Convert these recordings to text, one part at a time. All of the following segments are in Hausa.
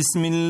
بسم الله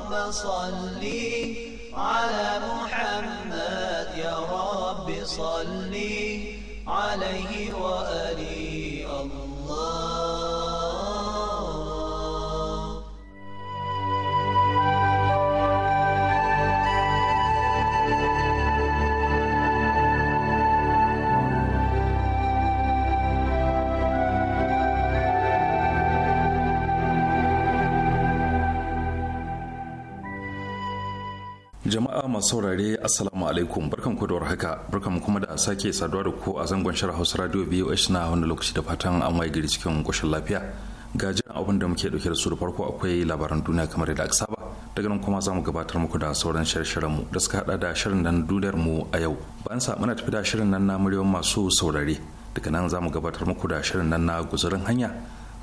اللهم صل على محمد يا رب صل عليه وآله masu saurare assalamu alaikum barkan ku da warhaka barkan kuma da sake saduwa da ku a zangon shirin Hausa Radio BOH na wani lokaci da fatan an waye gari cikin koshin lafiya ga jiran abin da muke dauke da su da farko akwai labaran duniya kamar da aka saba daga nan kuma za mu gabatar muku da sauran shirye-shiryen mu da suka hada da shirin nan duniyar mu a yau bayan sa muna tafi da shirin nan na muryoyin masu saurare daga nan za mu gabatar muku da shirin nan na guzurin hanya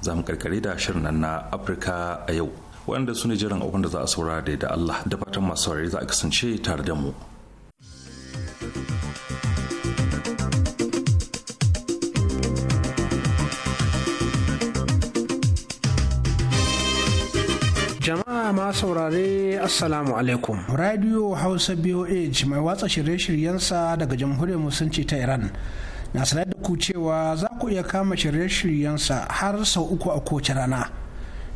za mu karkare da shirin nan na Afirka a yau waɗanda su ne jiran abin da za a saurara da da Allah da fatan masu saurari za a kasance tare da mu. Jama'a ma saurare Assalamu alaikum. Radio Hausa BOH mai watsa shirye-shiryensa daga Jamhuriyar Musulunci ta Iran. Na sanar da ku cewa za ku iya kama shirye-shiryensa har sau uku a kowace rana.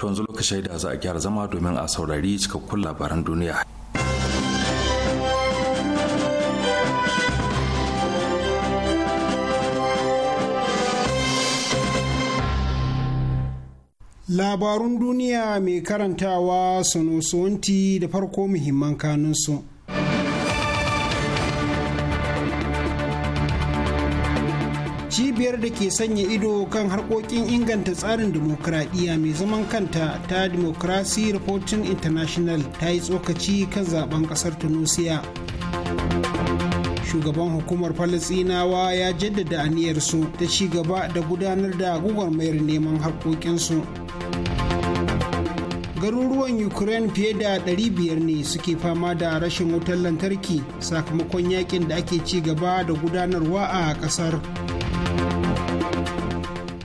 to yanzu lokacin da za a gyara zama domin a saurari cikakkun labaran duniya Labarun duniya mai karantawa sunusuwanti da farko muhimman kanunsu. cibiyar da ke sanya ido kan harkokin inganta tsarin demokuraɗiyya mai zaman kanta ta democracy reporting international ta yi tsokaci kan zaben ƙasar tunisia shugaban hukumar falasinawa ya jaddada aniyarsu ta ci gaba da gudanar da gugwarmayar neman harkokinsu garuruwan ukraine fiye da 500 ne suke fama da rashin wutar lantarki sakamakon yakin da ake ci gaba da gudanarwa a kasar.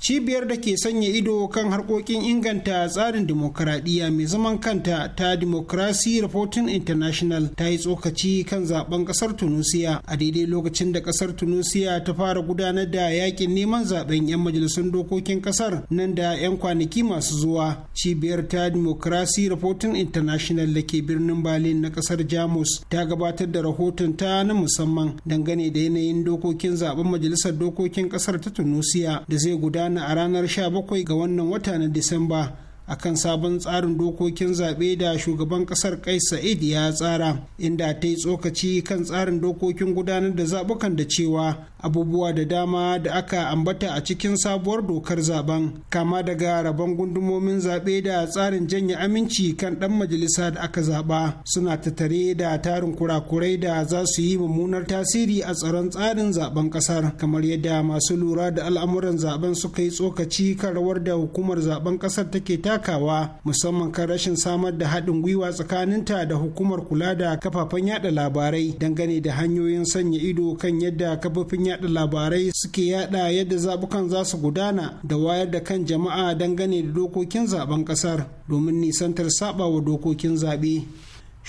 cibiyar da ke sanya ido kan harkokin inganta tsarin dimokuraɗiyya mai zaman kanta ta democracy reporting international ta yi tsokaci kan zaben ƙasar tunisia a daidai lokacin da ƙasar tunisia ta fara gudanar da yakin neman zaben 'yan majalisun dokokin ƙasar nan da 'yan kwanaki masu zuwa cibiyar ta democracy reporting international da ke birnin berlin na ƙasar jamus ta gabatar da rahoton ta na musamman dangane da yanayin dokokin zaben majalisar dokokin ƙasar ta tunisia da zai gudana gudana a ranar 17 ga wannan wata na Disamba. akan sabon tsarin dokokin zaɓe da shugaban ƙasar kai Sa'id ya tsara inda ta yi tsokaci kan tsarin dokokin gudanar da zaɓukan da cewa abubuwa da dama da aka ambata a cikin sabuwar dokar zaben kama daga rabon gundumomin zaɓe da tsarin janye aminci kan ɗan majalisa da aka zaɓa suna tattare da tarin kurakurai da za su yi mummunar tasiri a tsaron tsarin zaben ƙasar kamar yadda masu lura da al'amuran zaben suka yi tsokaci kan rawar da hukumar zaben ƙasar take taka takawa musamman kan rashin samar da haɗin gwiwa tsakaninta da hukumar kula da kafafen yada labarai dangane da hanyoyin sanya ido kan yadda kafafen yada labarai suke yada yadda zabukan za su gudana da wayar da kan jama'a dangane da dokokin zaben kasar domin nisantar sabawa dokokin zaɓe.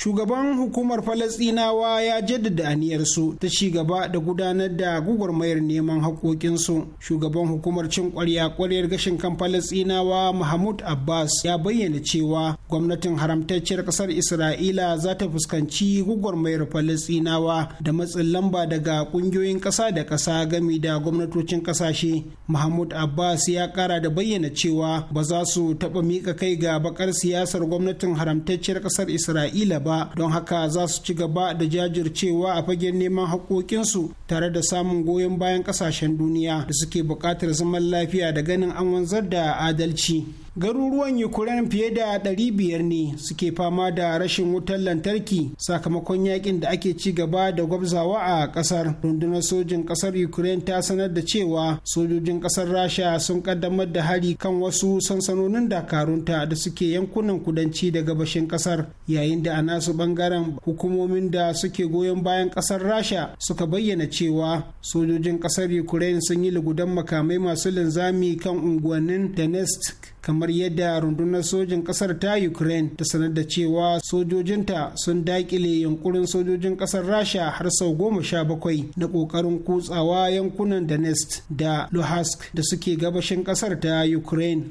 shugaban hukumar Falasinawa ya jaddada aniyarsu ta ci gaba da gudanar da gugurmayar neman haƙoƙinsu shugaban hukumar cin ƙwarya ƙwaryar gashin kan Falasinawa mahmud abbas ya bayyana cewa gwamnatin haramtacciyar ƙasar isra'ila za ta fuskanci gugurmayar falasɗinawa da matsin lamba daga ƙungiyoyin ƙasa da ƙasa gami da gwamnatocin ƙasashe mahmud abbas ya kara da bayyana cewa ba za su taɓa miƙa kai ga baƙar siyasar gwamnatin haramtacciyar ƙasar isra'ila ba ba don haka za su ci gaba da jajircewa a fagen neman haƙoƙinsu tare da samun goyon bayan ƙasashen duniya da suke buƙatar zaman lafiya da ganin an wanzar da adalci garuruwan ukraine fiye da 500 ne suke fama da rashin wutar lantarki sakamakon yakin da ake ci gaba da gwabzawa a kasar rundunar sojin kasar ukraine ta sanar da cewa sojojin kasar rasha sun kaddamar da hari kan wasu sansanonin dakarunta da suke yankunan kudanci da gabashin kasar yayin da a nasu bangaren hukumomin da suke goyon bayan kasar rasha suka bayyana cewa sojojin kasar ukraine sun yi lugudan makamai masu linzami kan unguwannin donetsk kamar yadda rundunar sojin kasar ta ukraine ta sanar da cewa sojojinta sun dakile yankurin sojojin kasar rasha har sau goma sha bakwai na kokarin kutsawa yankunan donetsk da luhansk da suke gabashin kasar ta ukraine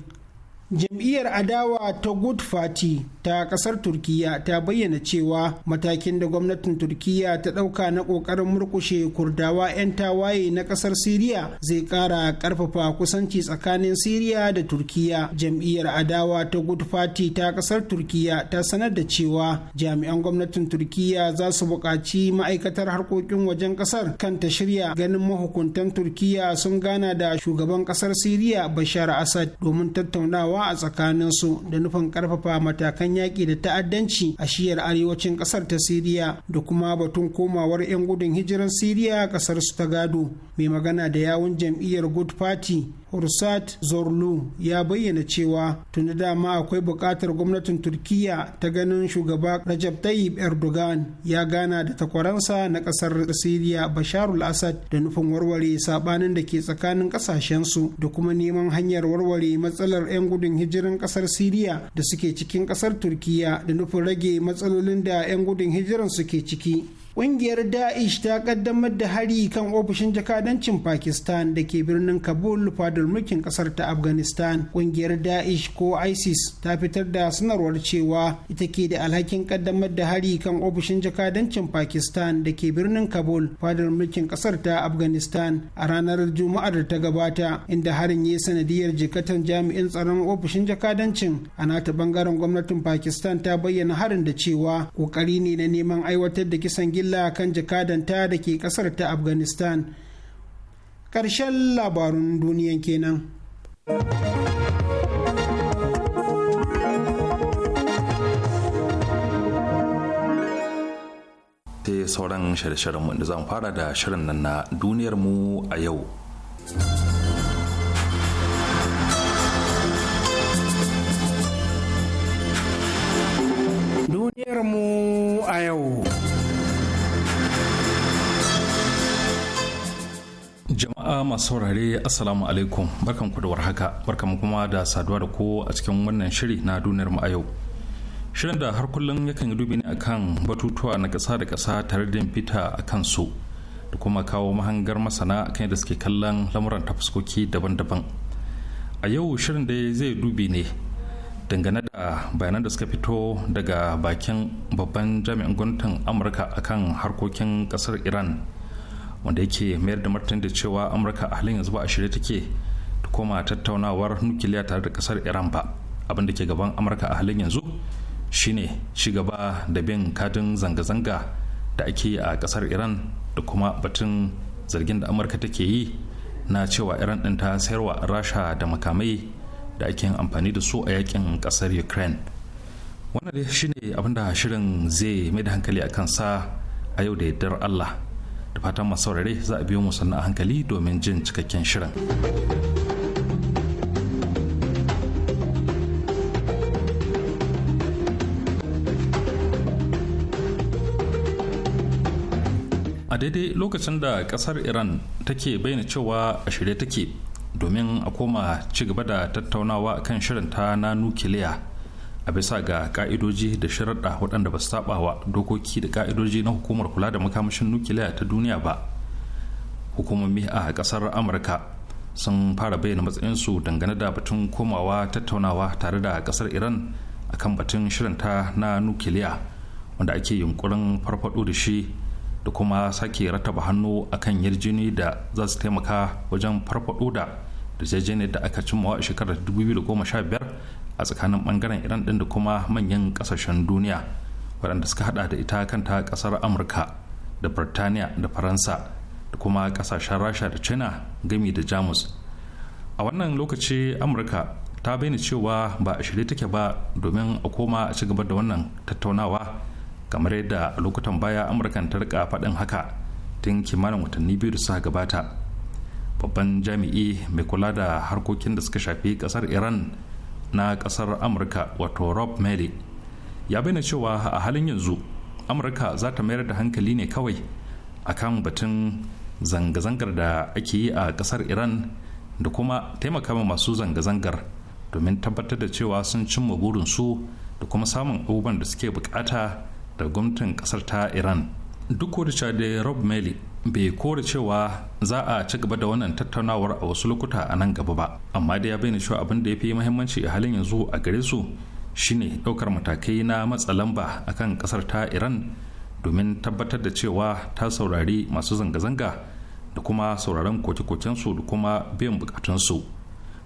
jam'iyyar adawa ta good fati ta kasar turkiya ta bayyana cewa matakin da gwamnatin turkiya ta ɗauka na ƙoƙarin murkushe kurdawa 'yan tawaye na ƙasar siriya zai ƙara ƙarfafa kusanci tsakanin siriya da turkiya jam'iyyar adawa ta good fati ta ƙasar turkiya ta sanar da cewa jami'an gwamnatin turkiya za su buƙaci ma'aikatar harkokin wajen ƙasar kan ta shirya ganin mahukuntan turkiya sun gana da shugaban ƙasar siriya bashar asad domin tattaunawa tattaunawa a su da nufin karfafa matakan yaƙi da ta'addanci a shiyar arewacin ƙasar ta siriya da kuma batun komawar 'yan gudun hijiran siriya ƙasar su ta gado mai magana da yawun jam'iyyar good party Hursat Zorlu ya bayyana cewa da dama akwai buƙatar gwamnatin Turkiyya ta ganin shugaba Rajab Tayyip Erdogan ya gana da takwaransa na ƙasar Siriya basharul assad da nufin warware sabanin da ke tsakanin ƙasashensu da kuma neman hanyar warware matsalar 'yan gudun hijirin ƙasar Siriya da suke cikin ƙasar Turkiyya da nufin rage matsalolin da 'yan gudun hijiran suke ciki. Ƙungiyar Da'ish ta ƙaddamar da hari kan ofishin jakadancin Pakistan da ke birnin Kabul fadar mulkin ƙasar ta Afghanistan. Ƙungiyar Da'ish ko ISIS ta fitar da sanarwar cewa ita ke da alhakin ƙaddamar da hari kan ofishin jakadancin Pakistan da ke birnin Kabul fadar mulkin ƙasar ta Afghanistan a ranar Juma'ar da ta gabata inda harin ya sanadiyar jikatan jami'in tsaron ofishin jakadancin a nata bangaren gwamnatin Pakistan ta bayyana harin da cewa ƙoƙari ne na neman aiwatar da kisan killa kan jakadanta da ke kasar ta afghanistan ƙarshen labarun duniyan kenan. sai sauran shirye-shiryen da zan fara da shirin nan na duniyar mu a yau. Duniyar mu a yau. jama'a masu saurare assalamu alaikum barkan ku da warhaka barkan kuma da saduwa da ko a cikin wannan shiri na duniyar mu a yau shirin da har kullum yakan yi dubi ne akan batutuwa na ƙasa da kasa tare da fita a kan su da kuma kawo mahangar masana akan yadda suke kallon lamuran ta fuskoki daban-daban a yau shirin da zai dubi ne dangane da bayanan da suka fito daga bakin babban jami'in gwamnatin amurka akan harkokin ƙasar iran wanda yake mayar da martani da cewa amurka a halin yanzu ba a shirye take ta koma tattaunawar nukiliya tare da kasar iran ba abin da ke gaban amurka a halin yanzu shine ci gaba da bin kadin zanga-zanga da ake yi a kasar iran da kuma batun zargin da amurka take yi na cewa iran din ta sayarwa rasha da makamai da ake yin amfani da su a yakin kasar ukraine wannan shine abin da shirin zai mai da hankali a kansa a yau da yardar allah da fatan masu saurare za a biyo mu sannan a hankali domin jin cikakken shirin. a daidai lokacin da kasar iran take bayyana cewa a shirye take domin a koma ci gaba da tattaunawa kan shirinta na nukiliya a bisa ga ka'idoji da sharaɗa waɗanda ba su saba wa dokoki da ka'idoji na hukumar kula da makamashin nukiliya ta duniya ba hukumomi a ƙasar amurka sun fara bayyana matsayinsu dangane da batun komawa tattaunawa tare da ƙasar iran akan batun shirinta na nukiliya wanda ake yunkurin farfaɗo da shi da kuma sake rataba hannu a akan yarjini da za su taimaka wajen farfaɗo da da aka cimma a shekarar 2015 a tsakanin bangaren iran din da kuma manyan kasashen duniya waɗanda suka hada da ita kanta kasar amurka da birtaniya da faransa da kuma kasashen rasha da china gami da jamus a wannan lokaci amurka ta bayyana cewa ba a shirye take ba domin a koma a ci gaba da wannan tattaunawa kamar yadda lokutan baya amurkan ta rika faɗin haka tun kimanin watanni biyu da suka gabata babban jami'i mai kula da harkokin da suka shafi ƙasar iran na kasar amurka wato rob mele ya bayyana cewa a halin yanzu amurka za ta mayar da hankali ne kawai a kan batun zanga-zangar da ake yi a kasar iran da kuma taimaka masu zanga-zangar domin tabbatar da cewa sun cimma burinsu da kuma samun abubuwan da suke bukata da gwamnatin kasar ta iran duk da da rob meli bai kore cewa za a ci gaba da wannan tattaunawar a wasu lokuta a nan gaba ba amma da ya bayyana cewa abin da ya fi muhimmanci a halin yanzu a gare su shine ɗaukar matakai na matsa lamba akan ƙasar ta iran domin tabbatar da cewa ta saurari masu zanga-zanga da kuma sauraron koke koken su da kuma biyan bukatun su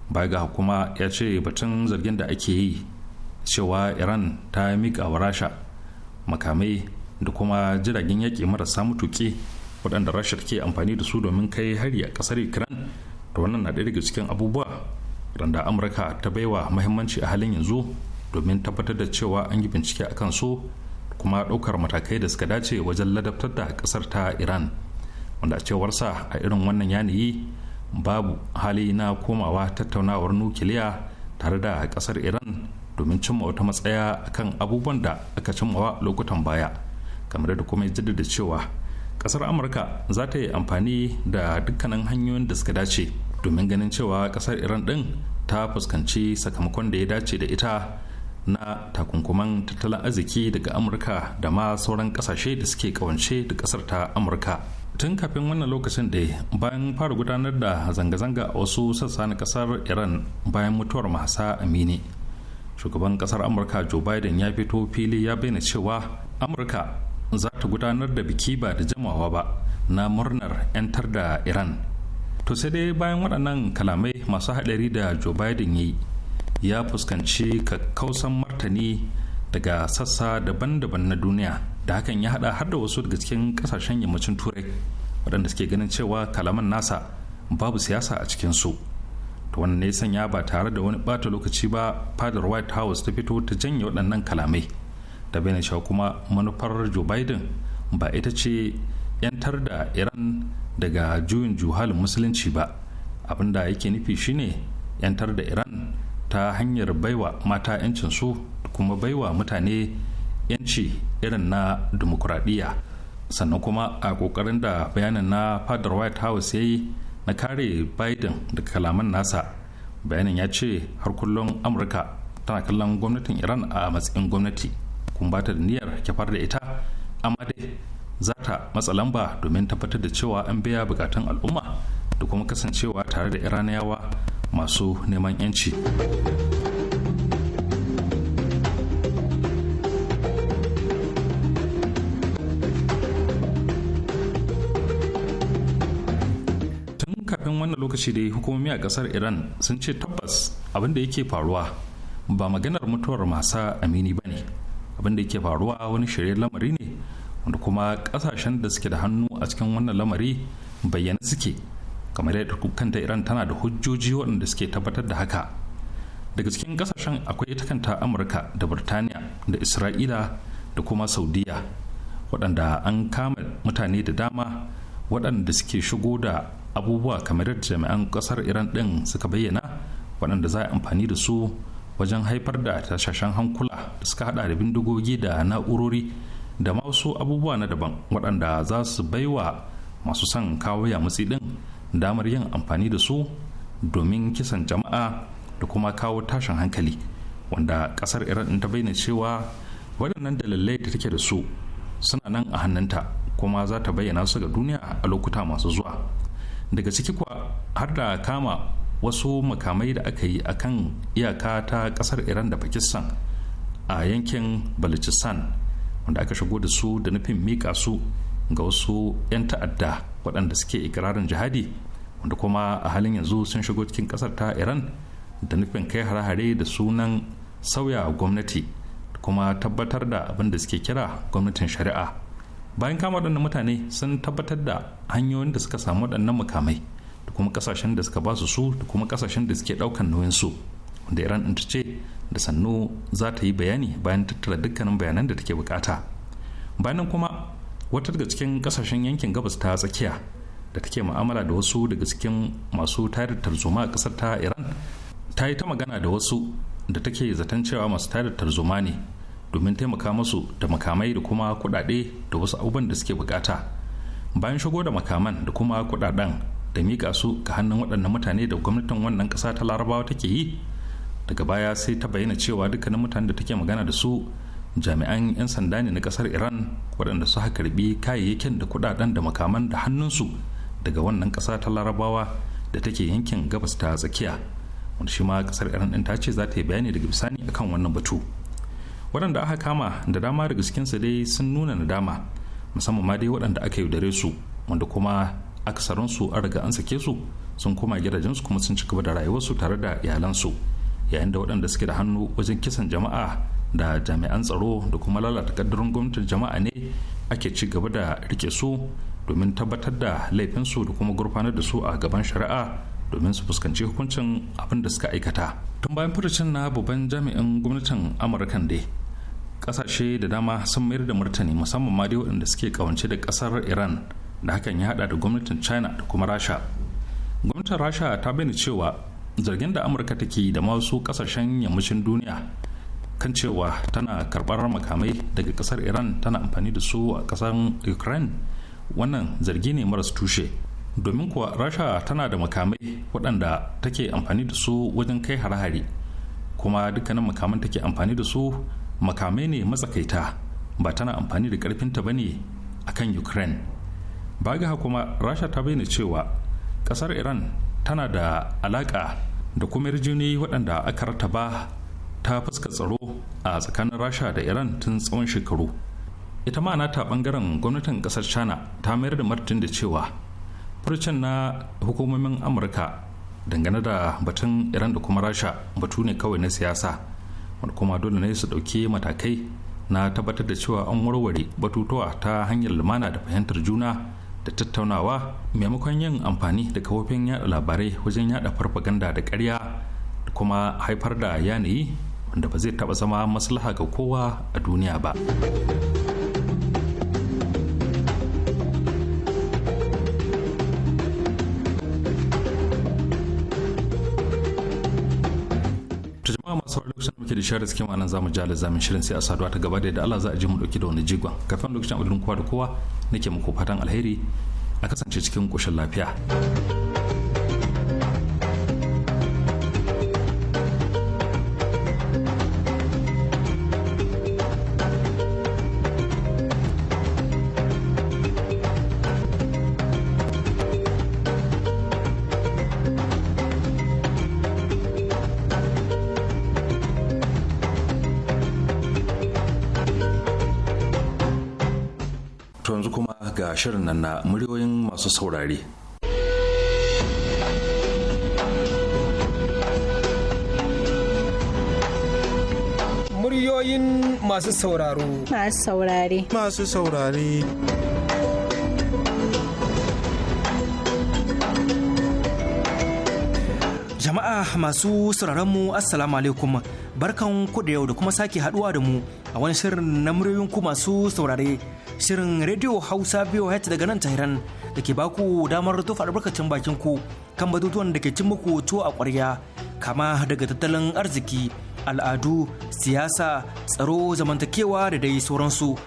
baya ga kuma ya ce batun zargin da ake yi cewa iran ta miƙa wa rasha makamai da kuma jiragen yaƙi marasa mutuƙi waɗanda rasha ke amfani da su domin kai hari a ƙasar ukraine da wannan na ɗaya daga cikin abubuwa waɗanda amurka ta baiwa mahimmanci a halin yanzu domin tabbatar da cewa an yi bincike a kan su kuma ɗaukar matakai da suka dace wajen ladabtar da ƙasar ta iran wanda a cewarsa a irin wannan yanayi babu hali na komawa tattaunawar nukiliya tare da ƙasar iran domin cimma wata matsaya kan abubuwan da aka cimmawa lokutan baya kamar da kuma jaddada cewa kasar amurka za ta yi amfani da dukkanin hanyoyin da suka dace domin ganin cewa kasar iran din ta fuskanci sakamakon da ya dace da ita na takunkuman tattalin arziki daga amurka da ma sauran kasashe da suke kawance da kasar ta amurka tun kafin wannan lokacin da bayan fara gudanar da zanga-zanga a wasu sassa na kasar iran bayan mutuwar mahasa amini shugaban kasar amurka joe biden ya fito fili ya bayyana cewa amurka za ta gudanar da biki ba da jamawa ba na murnar 'yantar da iran to sai dai bayan waɗannan kalamai masu haɗari da joe biden yi ya fuskanci kakkausan martani daga sassa daban-daban na duniya da hakan ya haɗa har da wasu daga cikin ƙasashen yammacin turai waɗanda suke ganin cewa kalaman nasa babu siyasa a cikinsu ta wannan ne sanya ba tare da wani ɓata lokaci ba fadar white house ta fito ta janye waɗannan kalamai ta bayyana cewa kuma manufar joe biden ba ita ce 'yantar da iran daga juyin juhalin musulunci ba abinda yake nufi shine 'yantar da iran ta hanyar baiwa mata 'yancin su kuma baiwa mutane 'yanci irin na demokuraɗiyya sannan kuma a ƙoƙarin da bayanin na fadar white house ya yi na kare biden da kalaman nasa bayanin ya ce har kullum amurka tana kallon gwamnatin iran a matsayin gwamnati kun ba da niyyar kyafar da ita amma dai za ta matsa lamba domin tabbatar da cewa an biya bukatun al'umma da kuma kasancewa tare da iraniyawa masu neman 'yanci. tun kafin wannan lokaci da hukumomi a kasar iran sun ce tabbas abin da yake faruwa ba maganar mutuwar masa amini ba ne abin da yake faruwa wani shirye lamari ne wanda kuma kasashen da suke da hannu a cikin wannan lamari bayyana suke kamar yadda kanta iran tana da hujjoji waɗanda suke tabbatar da haka daga cikin kasashen akwai ita kanta amurka da birtaniya da isra'ila da kuma saudiya waɗanda an kama mutane da dama waɗanda suke shigo da abubuwa kamar yadda jami'an ƙasar iran ɗin suka bayyana waɗanda za a amfani da su wajen haifar da tashashen hankula da suka hada da bindigogi da na'urori da masu abubuwa na daban waɗanda za su baiwa masu son kawo matsi ɗin damar yin amfani da su domin kisan jama'a da kuma kawo tashin hankali wanda ƙasar iran ta bayyana cewa waɗannan dalilai da take da su suna nan a hannunta kuma za ta bayyana su ga duniya a lokuta masu zuwa daga ciki kuwa har da kama wasu makamai da aka yi akan iyaka ta kasar iran da pakistan a yankin balochistan wanda aka shigo da su da nufin miƙa su ga wasu 'yan ta'adda waɗanda suke ikirarin jihadi wanda kuma a halin yanzu sun shigo cikin kasar ta iran da nufin kai hare-hare da sunan sauya gwamnati da kuma tabbatar da abin da suke kira gwamnatin shari'a bayan kama waɗannan mutane sun tabbatar da hanyoyin da suka samu waɗannan mukamai kuma kasashen da suka ba su su da kuma kasashen da suke daukan nauyin su wanda iran ɗin ce da sannu za ta yi bayani bayan tattara dukkanin bayanan da take bukata bayanan kuma wata daga cikin kasashen yankin gabas ta tsakiya da take mu'amala da wasu daga cikin masu tayar tarzoma a kasar ta iran ta yi ta magana da wasu da take zaton cewa masu tayar tarzoma ne domin taimaka musu da makamai da kuma kudade da wasu abubuwan da suke bukata bayan shigo da makaman da kuma kudaden. da miƙa su ga hannun waɗannan mutane da gwamnatin wannan ƙasa ta larabawa take yi daga baya sai ta bayyana cewa dukkanin mutane da take magana da su jami'an 'yan sanda ne na ƙasar iran waɗanda suka karbi kayayyakin da kuɗaɗen da makaman da hannunsu daga wannan ƙasa ta larabawa da take yankin gabas ta tsakiya wanda shi ma ƙasar iran ɗin ta ce za ta yi bayani daga bisani akan wannan batu waɗanda aka kama da dama daga su dai sun nuna nadama musamman ma dai waɗanda aka yaudare su wanda kuma akasarinsu an riga an sake su sun koma gidajensu kuma sun ci gaba da rayuwarsu tare da iyalansu yayin da waɗanda suke da hannu wajen kisan jama'a da jami'an tsaro da kuma lalata kaddarin gwamnatin jama'a ne ake ci gaba da rike su domin tabbatar da laifinsu da kuma gurfanar da su a gaban shari'a domin su fuskanci hukuncin abin da suka aikata tun bayan furucin na babban jami'in gwamnatin amurkan dai kasashe da dama sun mayar da martani musamman ma dai waɗanda suke kawance da ƙasar iran da hakan ya hada da gwamnatin china da kuma rasha gwamnatin rasha ta bayyana cewa zargin da amurka take da masu kasashen yammacin duniya kan cewa tana karbar makamai daga kasar iran tana amfani da su a kasar ukraine wannan zargi ne maras tushe domin kuwa rasha tana da makamai waɗanda take amfani da su wajen kai harahari kuma dukkanin makaman take amfani da su makamai ne matsakaita ba tana amfani da ƙarfinta ba ne a kan ukraine baga kuma rasha ta bayyana cewa kasar iran tana da alaka da kuma jini waɗanda aka rataba ta fuska tsaro a tsakanin rasha da iran tun tsawon shekaru ita ma nata bangaren gwamnatin kasar china ta mayar da martin da cewa furcin na hukumomin amurka dangane da batun iran da kuma rasha batu ne kawai na siyasa wanda kuma dole ne su ɗauki matakai na tabbatar da cewa an warware batutuwa ta hanyar lumana da fahimtar juna da tattaunawa maimakon yin amfani da kafofin yada labarai wajen yada farfaganda da karya da kuma haifar da yanayi wanda ba zai taba zama maslaha ga kowa a duniya ba. shirin suke ma'anan zamu ji alazamin shirin sai a saduwa ta gaba da yadda Allah za a ji mu dauki da wani jigon kafin lokacin abudin kowa da kowa nake muku fatan alheri a kasance cikin koshin lafiya. na muryoyin masu saurare. Muryoyin masu sauraro. Masu saurare. Masu saurare. Jama'a masu sauraron mu Assalamu alaikum barkan ku da yau da kuma sake haduwa da mu a wani shirin na muryoyin ku masu saurare. shirin rediyo hausa biyu hati daga nan tahiran da ke baku damar tufa albarkacin bakin ku kan batutuwan da ke cin muku tuwo a ƙwarya kama daga tattalin arziki al'adu siyasa tsaro zamantakewa da dai sauransu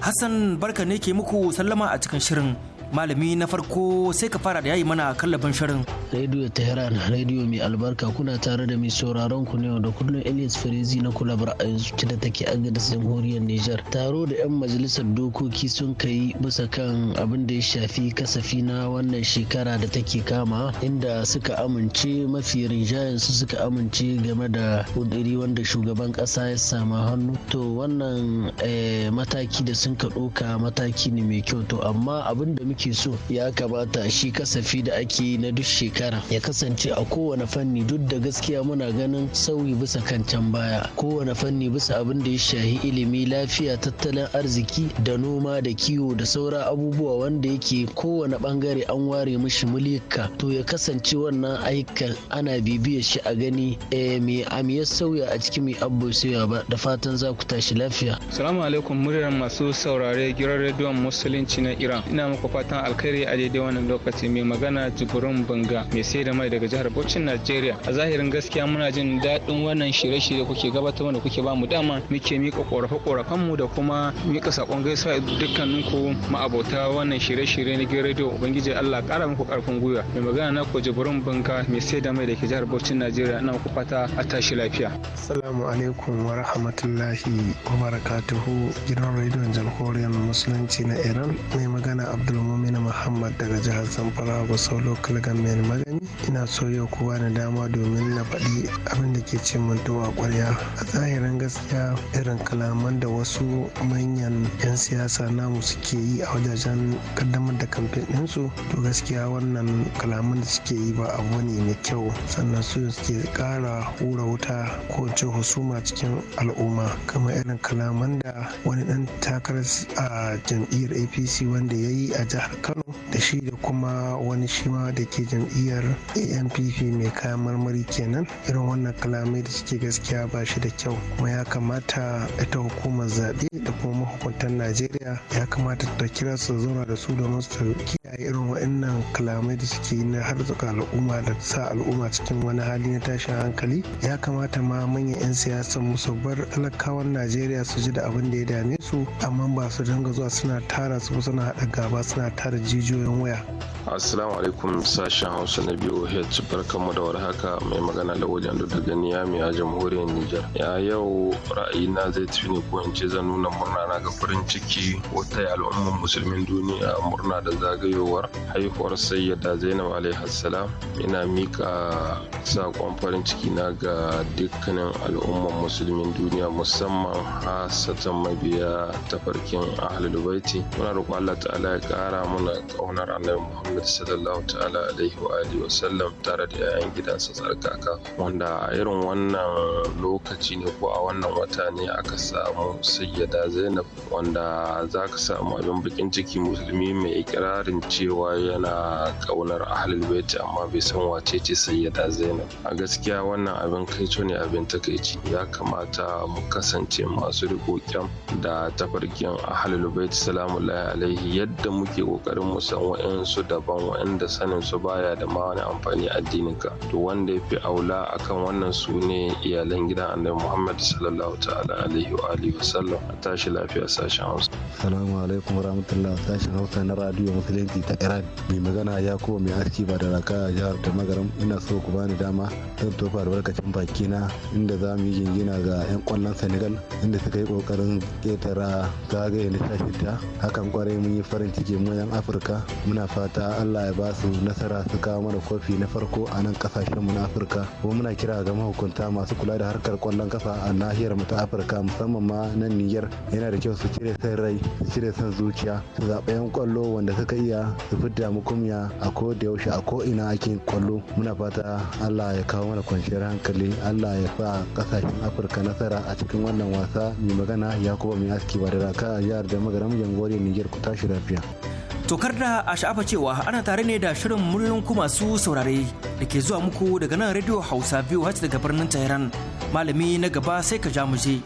hassan barka ne ke muku sallama a cikin shirin malami na farko sai ka fara da yayi mana kallabin shirin radio tehran radio mai albarka kuna tare da mai sauraron ku ne da kullum elias ferezi na kulabar a yanzu da take agadis jamhuriyar niger taro da yan majalisar dokoki sun kai bisa kan abin da ya shafi kasafi na wannan shekara da take kama inda suka amince mafi rinjayen su suka amince game da kudiri wanda shugaban kasa ya sama hannu to wannan eh, mataki da sun ka ɗauka mataki ne mai kyau to amma abin da muke ake so ya kamata shi kasafi da ake yi na duk shekara ya kasance a kowane fanni duk da gaskiya muna ganin sauyi bisa kan can baya kowane fanni bisa abin da ya shahi ilimi lafiya tattalin arziki da noma da kiwo da saura abubuwa wanda yake kowane bangare an ware mishi mulika to ya kasance wannan aikan ana bibiyar shi a gani e me ya sauya a cikin mai abu sauya ba da fatan za ku tashi lafiya salamu alaikum muryar masu saurare giran rediyon musulunci na iran ina muku fata fatan alkhairi a daidai wannan lokaci mai magana jibrin banga mai sai da mai daga jihar bocin Najeriya. A zahirin gaskiya muna jin daɗin wannan shirye-shirye kuke gabatar wanda kuke ba mu dama muke mika ƙorafe korafen mu da kuma mika sakon gaisuwa dukkanin ku ma'abota wannan shirye-shirye na gidan rediyo Ubangiji Allah ƙara muku ƙarfin gwiwa. Mai magana na ku jibrin banga mai sai da mai daga jihar bocin Najeriya ina ku fata a tashi lafiya. Assalamu alaikum wa rahmatullahi wa barakatuhu gidan rediyon jamhuriyar musulunci na Iran mai magana Abdulmumin amina Muhammad daga jihar Zamfara ga Solo Kalgamen Magani. Ina so yau kowa na dama domin na faɗi abin da ke ce mun a ƙwarya. A zahirin gaskiya irin kalaman da wasu manyan 'yan siyasa namu suke yi a wajajen kaddamar da kamfen ɗinsu to gaskiya wannan kalaman da suke yi ba abu ne mai kyau sannan su suke ƙara hura wuta ko ce husuma cikin al'umma kamar irin kalaman da wani ɗan takarar a jam'iyyar apc wanda ya yi a jihar jihar kano da shi da kuma wani shima da ke jam'iyyar ampp mai kayan marmari kenan irin wannan kalamai da suke gaskiya ba shi da kyau kuma ya kamata ita hukumar zaɓe da kuma mahukuntan najeriya ya kamata ta kira su zauna da su domin su ya irin wa'annan kalamai da suke na harzuka al'umma da sa al'umma cikin wani hali na tashin hankali ya kamata ma manyan 'yan siyasa musu bar talakawan najeriya su ji da abin da ya dame su amma ba su dinga zuwa suna tara su suna haɗa gaba suna tara jijiyoyin waya assalamu alaikum sashen hausa na h barkanmu da warhaka mai magana da wajen daga niyami a jamhuriyar niger ya yau ra'ayina zai tafi ne ko in ce zan nuna murna na ga farin ciki wata al'ummar musulmin duniya murna da zagayo cewar haihuwar sayyada zainab alaihassalam ina mika sakon farin ciki na ga dukkanin al'ummar musulmin duniya musamman hasatan mabiya tafarkin a baiti muna roƙo Allah ta'ala ya ƙara muna ƙaunar annabi Muhammad sallallahu ta'ala alaihi wa alihi wa sallam tare da yayan gidansa tsarkaka wanda a irin wannan lokaci ne ko a wannan wata ne aka samu sayyada zainab wanda za ka samu abin bakin ciki musulmi mai ikirarin cewa yana ƙaunar ahalin baiti amma bai san wace ce sayyada zainab a gaskiya wannan abin kai ne abin takaici ya kamata mu kasance masu riƙoƙen da tafarkin ahalin baiti salamu alaihi yadda muke ƙoƙarin mu san wa'insu daban wa'inda sanin su baya da ma wani amfani addinin ka to wanda ya fi aula akan wannan su ne iyalan gidan annabi muhammad sallallahu ta'ala alaihi wa alihi wa sallam a tashi lafiya sashen hausa salamu alaikum warahmatullahi sashen hausa na radio musulunci ta iran mai magana ya kuma mai aski ba da raka jihar ta magaram ina so ku bani dama zan tofa albarkacin baki na inda za mu yi jingina ga yan kwallon senegal inda suka yi kokarin ketara zagaye na shida hakan kwarai mun yi farin ciki mu yan afirka muna fata allah ya ba su nasara su kawo mana kofi na farko a nan kasashen mu na afirka kuma muna kira ga mahukunta masu kula da harkar kwallon kasa a nahiyar mu ta afirka musamman ma nan niger yana da kyau su cire san rai su cire san zuciya su zaɓa yan kwallo wanda suka iya mana da fidda mu a ko da yaushe a ko ina ake kwallo muna fata Allah ya kawo mana kwanciyar hankali Allah ya sa kasashen Afirka nasara a cikin wannan wasa mai magana Yakubu mai aski ba da raka jihar da magaram Yangore Niger ku tashi lafiya. Tokar da a sha'afa cewa ana tare ne da shirin murnin ku masu saurare da ke zuwa muku daga nan Radio Hausa biyu har daga birnin Tehran malami na gaba sai ka ja mu je.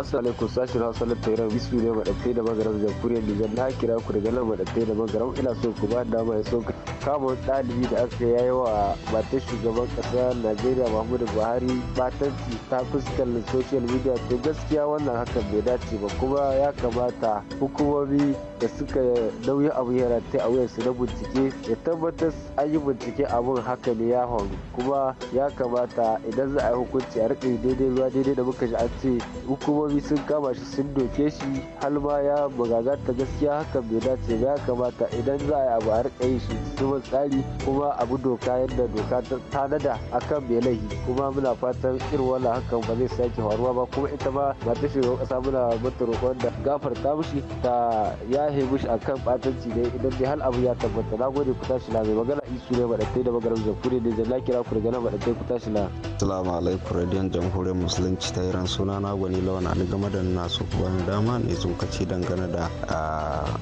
assalamu alaikum sashen hausa na tehran bisu ne madatai da magaram jamhuriyar nijar na kira ku daga nan madatai da magaram ina so ku ba dama ya so kama ɗalibi da aka yi wa matan shugaban ƙasa najeriya muhammadu buhari batanci ta fuskar social media to gaskiya wannan hakan bai dace ba kuma ya kamata hukumomi da suka nauyi abu yana ta a su na bincike ya tabbatar an yi bincike abun haka ne ya faru kuma ya kamata idan za a yi hukunci a riƙe daidai ruwa daidai da muka ji an ce hukumomi direbobi sun kama shi sun doke shi har ya bugagata gaskiya hakan bai dace ba ya kamata idan za a yi abu a rika yin shi zuban tsari kuma abu doka yadda doka ta tanada kan mai laihi kuma muna fatan irin wannan hakan ba zai sake faruwa ba kuma ita ma ba ta shiga kasa muna mata roƙon da gafarta mushi ta ya shi a kan batanci ne idan dai hal abu ya tabbata na gode ku tashi na mai magana isu ne maɗatai da magaram jamhuriyar ne jan kira ku daga nan maɗatai ku tashi na. Salamu alaikum radiyon jamhuriyar musulunci ta iran suna na gwani launa ni game da nasu bani dama ne tsokaci dangane da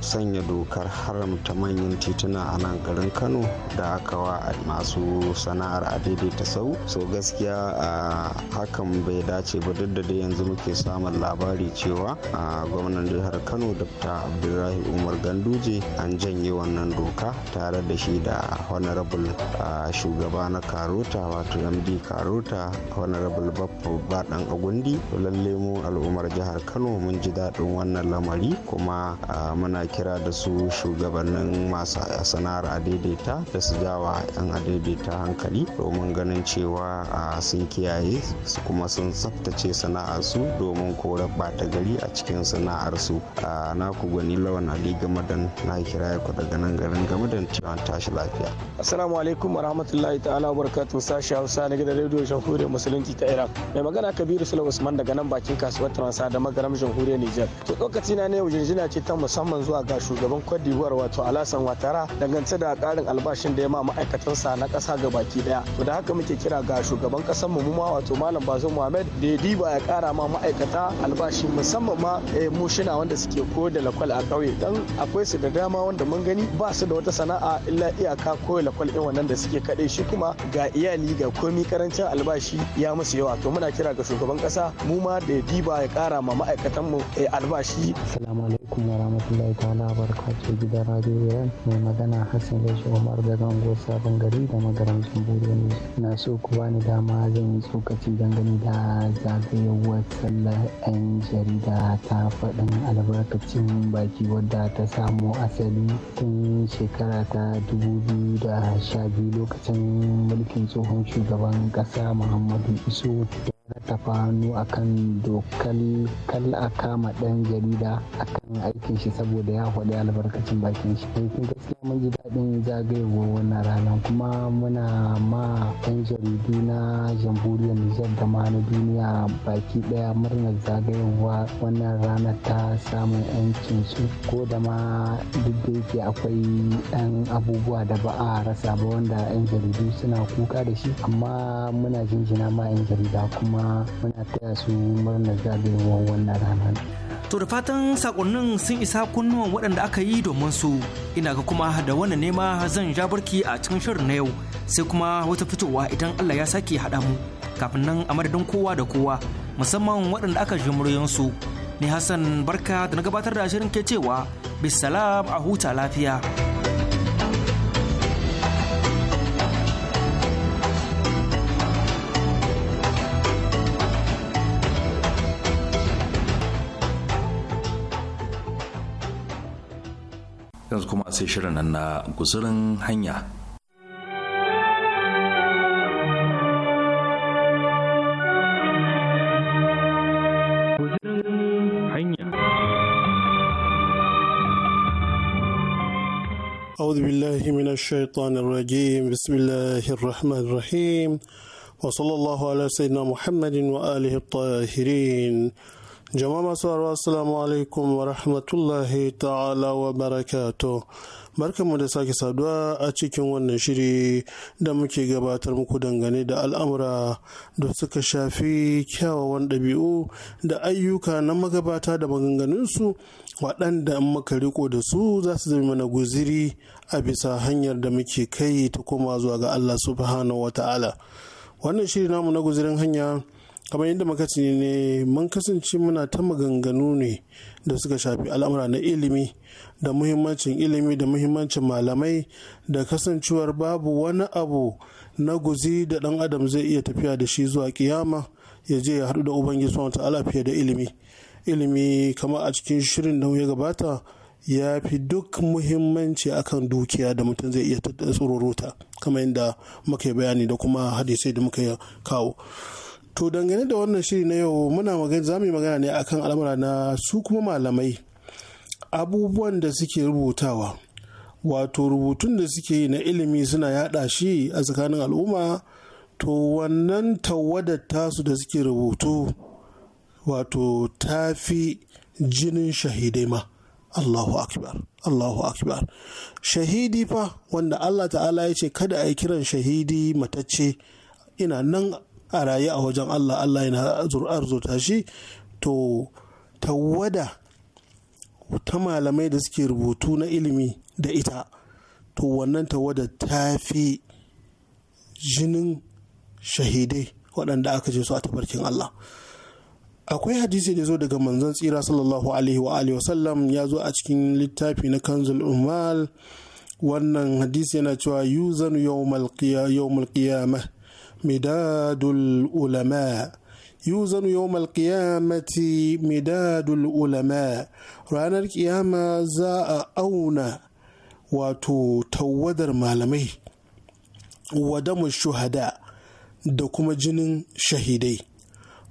sanya dokar haramta manyan tituna a nan garin kano da aka wa masu sana'ar a daidaita sau so gaskiya a hakan bai dace ba duk da dai yanzu muke samun labari cewa a gwamnan jihar kano dokta abdullahi umar ganduje an janye wannan doka tare da shi da honorable shugaba na karota wato md karota honorable baffa baɗan agundi lalle mu a al'ummar jihar kano mun ji daɗin wannan lamari kuma muna kira da su shugabannin masu sana'ar daidaita da su jawa 'yan adaidaita hankali domin ganin cewa sun kiyaye kuma sun tsaftace su domin kore bata gari a cikin sana'ar su na ku gwani lawan ali gamadan na kira ku daga nan garin gamadan cewa tashi lafiya assalamu alaikum warahmatullahi ta'ala wabarakatuh sashi hausa na gidan rediyo da musulunci ta iran mai magana kabiru sulaw usman daga nan bakin kasuwa wata Taransa da magaram jamhuriyar Nijar. To lokaci na yau jinjina ce ta musamman zuwa ga shugaban Cote d'Ivoire wato alasan watara dangance da karin albashin da ya ma sa na ƙasa baki daya. To da haka muke kira ga shugaban kasar mu ma wato Malam Bazo muhammed da ya diba ya kara ma ma'aikata albashi musamman ma eh, mu shina wanda suke ko da lakwal a ƙauye dan akwai su da dama wanda mun gani ba su da wata sana'a illa iyaka ko lakwal ɗin wannan da suke kaɗai shi kuma ga iyali ga komi karancin albashi ya musu yawa to muna kira ga shugaban kasa mu ma da ya diba Allah ya kara ma ma'aikatan mu eh, albashi assalamu alaikum wa rahmatullahi ta'ala barakatuh gidan radio ya mai magana Hassan Lashi Umar da Gango Sabon Gari da magaran Jamhuriyar na so ku bani dama zan yi tsokaci dangane da zagayowar sallar 'yan jarida ta faɗin albarkacin baki wadda ta samo asali tun shekara ta 2012 lokacin mulkin tsohon shugaban ƙasa muhammadu iso rattafa hannu akan dokar kal a kama ɗan jarida akan aikin shi saboda ya faɗi albarkacin bakin shi kun gaskiya mun ji daɗin zagayewar wannan ranar kuma muna ma ɗan jaridu na jamhuriyar nijar da ma na duniya baki ɗaya murnar zagayewa wannan ranar ta samun yancin su ko da ma duk da yake akwai ɗan abubuwa da ba a rasa ba wanda 'yan jaridu suna kuka da shi amma muna jinjina ma 'yan jarida kuma kuma muna taya su murnar wannan rana. To da fatan sakonnin sun isa kunnuwan waɗanda aka yi domin su ina ga kuma da wannan nema zan ja barki a cikin shirin na yau sai kuma wata fitowa idan Allah ya sake haɗa mu kafin nan a madadin kowa da kowa musamman waɗanda aka ji muryansu ni Hassan barka da na gabatar da shirin ke cewa bisalam a huta lafiya. yanzu kuma sai shirin nan na guzurin hanya أعوذ بالله من الشيطان الرجيم بسم الله الرحمن الرحيم وصلى الله على سيدنا محمد وآله الطاهرين jama'a masu harawa assalamu alaikum wa rahmatullahi ta'ala wa barakato barkanmu da sake saduwa a cikin wannan shiri da muke gabatar muku dangane da al'amura da suka shafi kyawawan ɗabi'u da ayyuka na magabata da maganganunsu waɗanda muka riko da su za su zama mana guziri a bisa hanyar da muke kai ta koma zuwa ga allah subhanahu wa ta'ala wannan shiri namu na guzirin hanya kamar yadda muka ce ne mun kasance muna ta maganganu ne da suka shafi al'amura na ilimi da muhimmancin ilimi da muhimmancin malamai da kasancewar babu wani abu na guzi da dan adam zai iya tafiya da shi zuwa kiyama ya je ya haɗu da ubangiji wata ta'ala fiye da ilimi ilimi kamar a cikin shirin da ya gabata ya fi duk muhimmanci akan dukiya da mutum zai iya tsororota kamar yadda muka yi bayani da kuma hadisai da muka kawo to dangane da wannan shiri na yau muna magana za mu yi magana ne akan al'amura na su kuma malamai abubuwan da suke rubutawa wato rubutun da suke yi na ilimi suna yada shi a tsakanin al'umma to wannan tawadar tasu da suke rubutu wato ta fi jinin shahidai ma Allahu akbar Allahu akbar shahidi fa wanda Allah ta'ala ya ce kada a kiran shahidi matacce ina nan a raye a wajen Allah Allah yana arzuta shi to tawada ta malamai da suke rubutu na ilimi da ita to wannan tawada ta fi jinin shahidai waɗanda aka je su a tabarkin Allah akwai hadisi da zo daga manzon tsira sallallahu alaihi wa alihi wasallam ya zo a cikin littafi na kanzul umal wannan hadisi yana cewa yuzanu yawmal qiyamah مداد العلماء يوزن يوم القيامة مداد العلماء ranar ƙiyama za a auna wato tawadar malamai wadamu shuhada da kuma jinin shahidai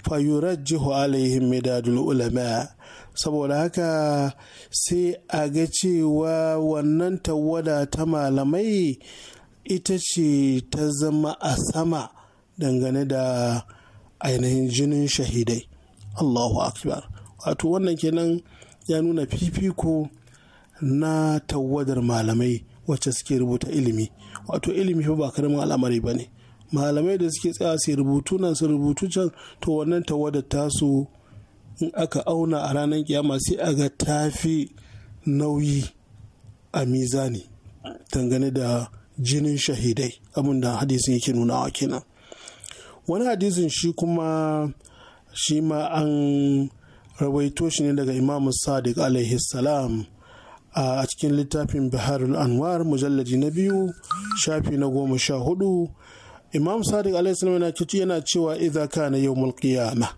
fayurajjihu alaihim midadul ulama saboda haka sai a ga cewa wannan tawada ta malamai ita ce ta zama a sama dangane da ainihin jinin shahidai allahu akbar wato wannan kenan ya nuna fifiko na tawadar malamai wacce suke rubuta ilimi wato ilimi fa ba karamin al'amari ba ne malamai da suke tsaya su rubutu nan su rubutu can to wannan tawadar tasu in aka auna a ranar kiyama sai a ga tafi nauyi a mizani dangane da jinin shahidai abinda hadisin yake nunawa kenan wani hadisin shi kuma shi ma an rawaito shi ne daga Imam sadiq alaihi salam a cikin littafin baharul anwar Mujallaji na biyu shafi na goma sha hudu imam sadiq alaihi salam yana cewa idza kana yawmul qiyamah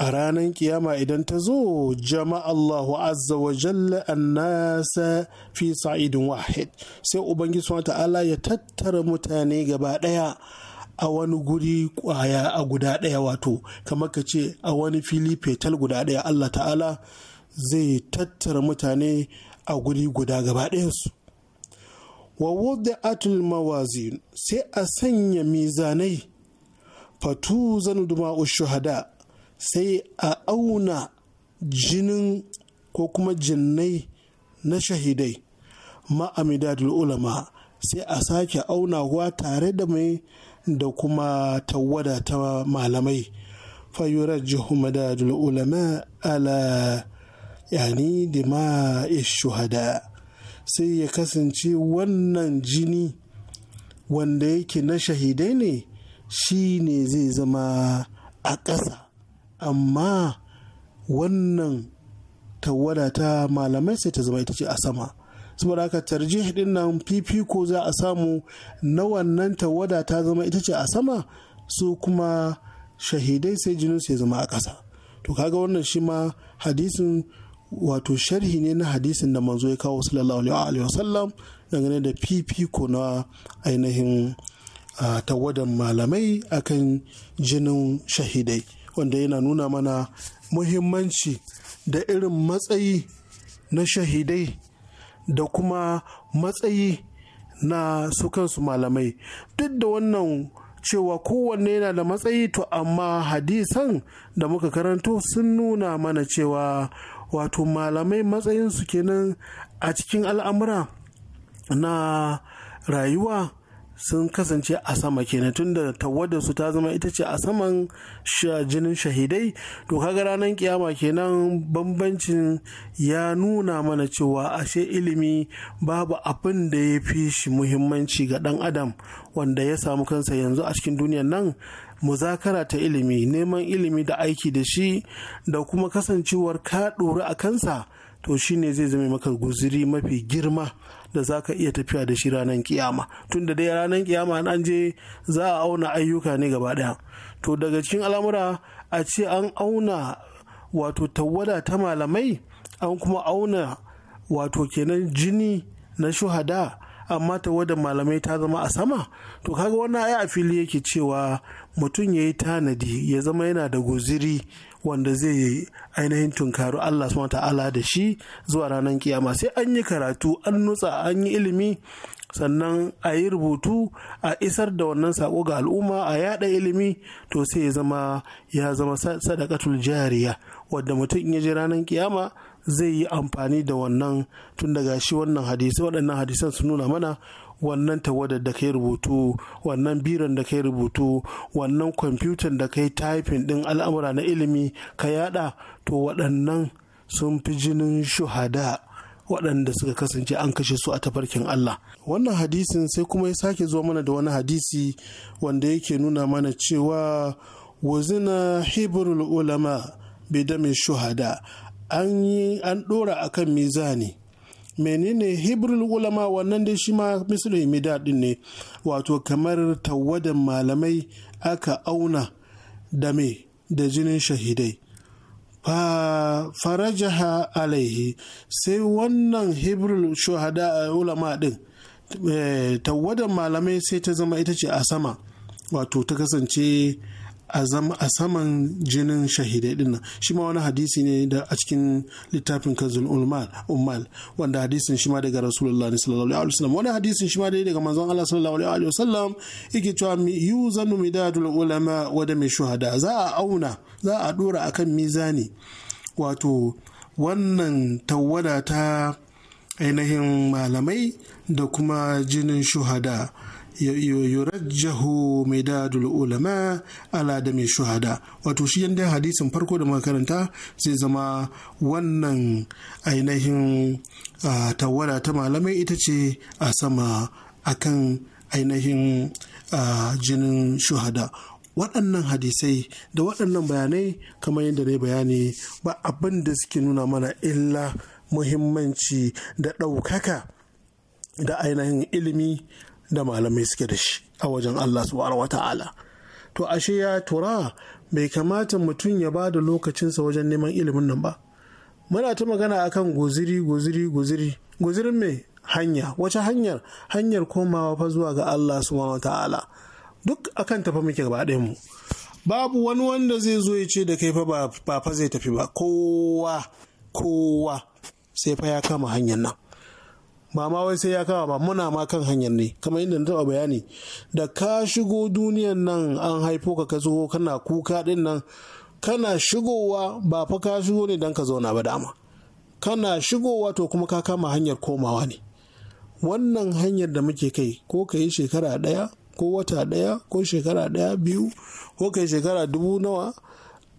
a ranar kiyama idan ta zo jama'a Allahu azza wa jalla annasa fi sa'idin wahid sai ubangiji ta'ala ya tattara mutane gaba daya a wani guri kwaya a guda ɗaya wato kamar ka ce a wani fili fetal guda ɗaya Allah ta'ala zai tattara mutane a guri guda gaba ɗayansu wa atul mawazin sai a sanya mizanai fatu zan duma shuhada sai a auna jinin ko kuma jinnai na shahidai ma'amidadul ulama sai a sake aunawa tare da mai da kuma tawada ta malamai fayurajjihu madadul ulama ala yani dima'ish shuhada sai ya kasance wannan jini wanda yake na shahidai ne shi ne zai zama a ƙasa amma wannan tawada ta malamai sai ta zama ita ce a sama saboda haka tarjih din nan fifiko za a samu na wannan tawada ta zama ita ce a sama su kuma shahidai sai jinin su ya zama a ƙasa to kaga wannan shi ma hadisin wato sharhi ne na hadisin da manzo ya kawo sallallahu alaihi sallam dangane da fifiko na ainihin tawadan malamai akan jinin shahidai wanda yana nuna mana muhimmanci da irin matsayi na shahidai da kuma matsayi na su kansu malamai duk da wannan cewa kowanne yana da matsayi to amma hadisan da muka karanto sun nuna mana cewa wato malamai matsayinsu kenan a cikin al'amura na rayuwa sun kasance a sama kenan tunda tawadda su ta zama ita ce a saman jinin shahidai to kaga ranar kiyama kenan bambancin ya nuna mana cewa ashe ilimi babu abin da ya fi shi muhimmanci ga dan adam wanda ya samu kansa yanzu a cikin duniyar nan muzakara ta ilimi neman ilimi da aiki da shi da kuma kasancewar ka ɗori a kansa to shine zai zama maka guziri mafi girma da za ka iya tafiya da shi ranar kiyama da dai ranar kiyama an je za a auna ayyuka ne gaba daya to daga cikin al'amura a ce an auna wato tawada ta malamai an kuma auna wato kenan jini na shuhada amma tawada malamai ta zama a sama to kaga wannan ai a fili yake cewa mutum ya yi tanadi ya zama yana da guziri wanda zai yi ainihin tunkaru Allah subhanahu ta'ala da shi zuwa ranar kiyama sai an yi karatu an nutsa an yi ilimi sannan a yi rubutu a isar da wannan sako ga al'umma a yada ilimi to sai ya zama ya zama sadakatul jariya wadda mutum ya ji ranar kiyama zai yi amfani da wannan tun daga shi wannan hadisi waɗannan hadisan su nuna mana wannan tawadar da kai rubutu wannan biran da kai rubutu wannan kwamfutan da kai taifin ɗin al'amura na ilimi ka yada to waɗannan sun fi jinin shuhada waɗanda suka kasance an kashe su a tafarkin Allah. Wannan hadisin sai kuma ya sake zuwa mana da wani hadisi wanda yake nuna mana cewa wazina hibrul ulama mai shuhada an yi an ɗora akan mizani menene hibrul ulama wannan dai shi ma misalin imida din ne wato kamar tawadan malamai aka auna da me da jinin shahidai fa farajaha alaihi sai wannan hibrul shuhada eh, ulama din eh, tawadan malamai sai ta zama ita ce a sama wato ta kasance a saman jinin shahidai din shi ma wani hadisi ne da a cikin littafin kanzul ummal wanda hadisin shi ma daga rasulullah sallallahu alaihi wasallam wani hadisin shi ma dai daga manzon Allah sallallahu alaihi wasallam yake cewa yuzanu midadul ulama wa da shuhada za a auna za a dora akan mizani wato wannan tawwada ta ainihin malamai da kuma jinin shuhada yurajjahu midadul ulama ala da mai shuhada wato shi yadda hadisin farko da makaranta zai zama wannan ainihin tawada ta malamai ita ce a sama akan ainihin jinin shuhada waɗannan hadisai da waɗannan bayanai kamar yadda na bayani ba abin da suke nuna mana illa muhimmanci da ɗaukaka da ainihin ilimi da malamai suke da shi a wajen Allah subhanahu wata'ala to ashe ya tura bai kamata mutum ya ba da lokacinsa wajen neman ilimin nan ba muna ta magana akan guziri guziri guziri gozirin mai hanya wace hanyar hanyar komawa fa zuwa ga Allah subhanahu wata'ala duk akan tafi muke gaba mu babu wani wanda zai zo ya ce da kai fa ba fa zai tafi ba kowa kowa sai fa ya kama hanyar nan ba ma wai sai ya kawo ba muna ma kan hanyar ne kamar inda na taɓa bayani da ka shigo duniyan nan an haifo ka ka zo kana kuka din nan kana shigowa ba fa ka shigo ne don ka zauna ba dama kana shigowa to kuma ka kama hanyar komawa ne wannan hanyar da muke kai ko ka yi shekara ɗaya ko wata ɗaya ko shekara ɗaya biyu ko ka yi shekara dubu nawa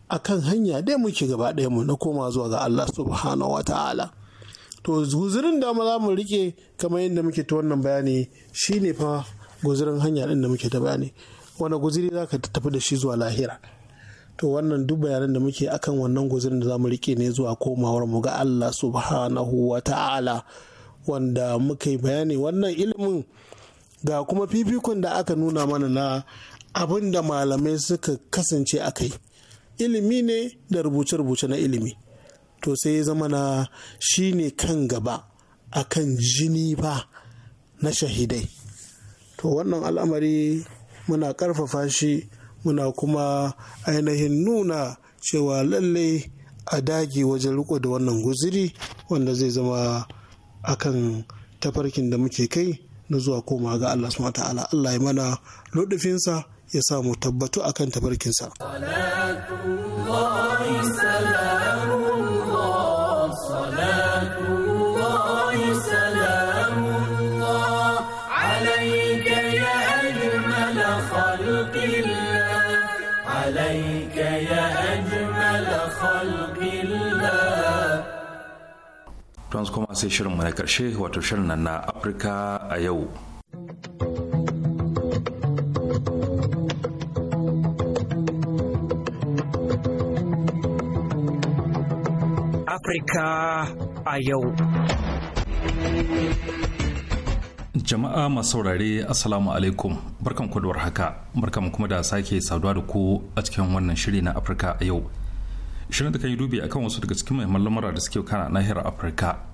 akan hanya dai muke gaba ɗaya mu na koma zuwa ga Allah subhanahu wa ta'ala to guzurin da za mu rike kamar yadda muke ta wannan bayani shine fa guzurin hanya din da muke ta bayani wanda guziri za ka tafi da shi zuwa lahira to wannan duk bayanan da muke akan wannan guzurin da za mu rike ne zuwa komawar mu ga Allah subhanahu wa ta'ala wanda muka yi bayani wannan ilimin ga kuma fifikon da aka nuna mana na abin da malamai suka kasance a kai ilimi ne da rubuce-rubuce na ilimi to sai ya zama na shi ne kan gaba a kan jini ba na shahidai to wannan al'amari muna ƙarfafa shi muna kuma ainihin nuna cewa lallai a dage wajen riko da wannan guziri wanda zai zama akan tafarkin da muke kai na zuwa koma ga Allah subhanahu ta'ala Allah ya mana ludufinsa ya samu tabbatu akan tafarkinsa. sai shirin mu na karshe wato shirin nan na Afirka a yau. Afirka a yau. Jama'a masu saurare Assalamu alaikum barkan ku haka barkan kuma da sake saduwa da ku a cikin wannan shiri na Afirka a yau. Shirin da kan yi dubi akan wasu daga cikin muhimman lamura da suke kana nahiyar Afirka